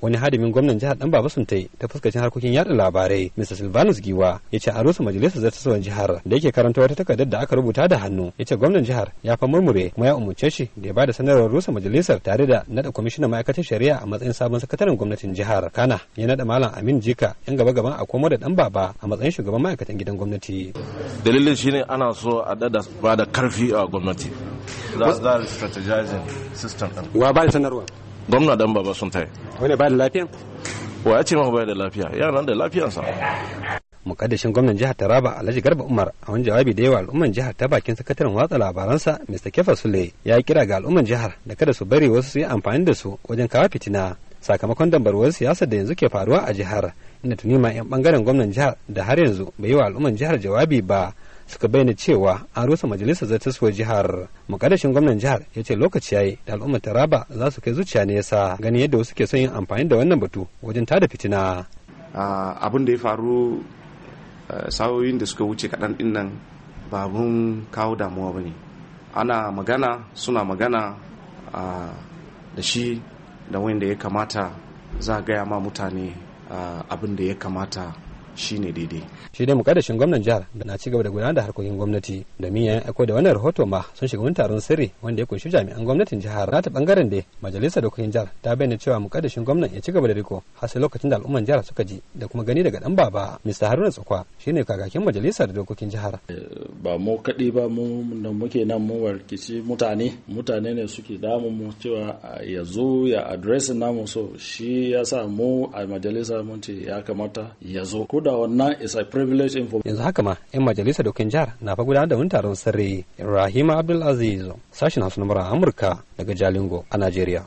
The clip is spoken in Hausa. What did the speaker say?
wani hadimin gwamnan jihar dan baba suntai ta fuskacin harkokin yada labarai mr silvanus giwa ya ce a rusa majalisar zartaswan jihar da yake karanta wata takardar da aka rubuta da hannu ya ce gwamnan jihar ya fa murmure kuma ya umarce shi da ya bada sanarwar rusa majalisar tare da nada kwamishinan ma'aikatar shari'a a matsayin sabon sakataren gwamnatin jihar kana ya nada malam amin jika yan gaba gaban a komo da dan baba a matsayin shugaban ma'aikatan gidan gwamnati dalilin shine ana so a dada ba da karfi a gwamnati za a strategizing system wa ba da sanarwa gwamna dan baba sun tayi wani ba lafiya wa ya ce ma ba da lafiya nan da lafiyansa mukaddashin gwamnan jihar Taraba Alhaji Garba Umar a wani jawabi da yawa al'umman jihar ta bakin sakataren watsa labaransa Mr. Kefa Sule ya kira ga al'umman jihar da kada su bari wasu su yi amfani da su wajen kawo fitina sakamakon dambarwar siyasa da yanzu ke faruwa a jihar inda tuni ma 'yan bangaren gwamnan jihar da har yanzu bai yi wa al'umman jihar jawabi ba suka bayyana cewa an rusa majalisar zartaswar jihar mukaddashin gwamnan jihar ya ce lokaci yayi da al'ummar taraba za su kai zuciya nesa ganin yadda wasu ke son yin amfani da wannan batu wajen tada fitina abin da ya faru eh, sa'o'in da suka wuce kaɗan ɗin nan ba mun kawo damuwa ba ne ana magana suna magana da shi da wanda ya kamata za a gaya ma mutane abin da ya kamata shi ne daidai shi dai mukaddashin gwamnan jihar da na ci gaba da gudanar da harkokin gwamnati da miyan aiko da wannan rahoto ma sun shiga wani taron sirri wanda ya kunshi jami'an gwamnatin jihar nata bangaren da majalisar dokokin jihar ta bayyana cewa mukaddashin gwamnan ya ci gaba da riko har sai lokacin da al'umman jihar suka ji da kuma gani daga dan baba Mr Haruna shi ne kakakin majalisar dokokin jihar eh, ba mu kaɗai ba mu da muke nan mu warkici mutane mutane ne suke damun mu cewa ya zo ya adresin namu so shi ya sa mu a majalisa mun ce ya kamata ya zo ko da wannan is a privilege in Yanzu haka ma 'yan majalisar dokin jihar na fa gudanar da wani taron sirri. Rahima Abdulaziz, sashen hasu na Amurka daga Jalingo a Najeriya.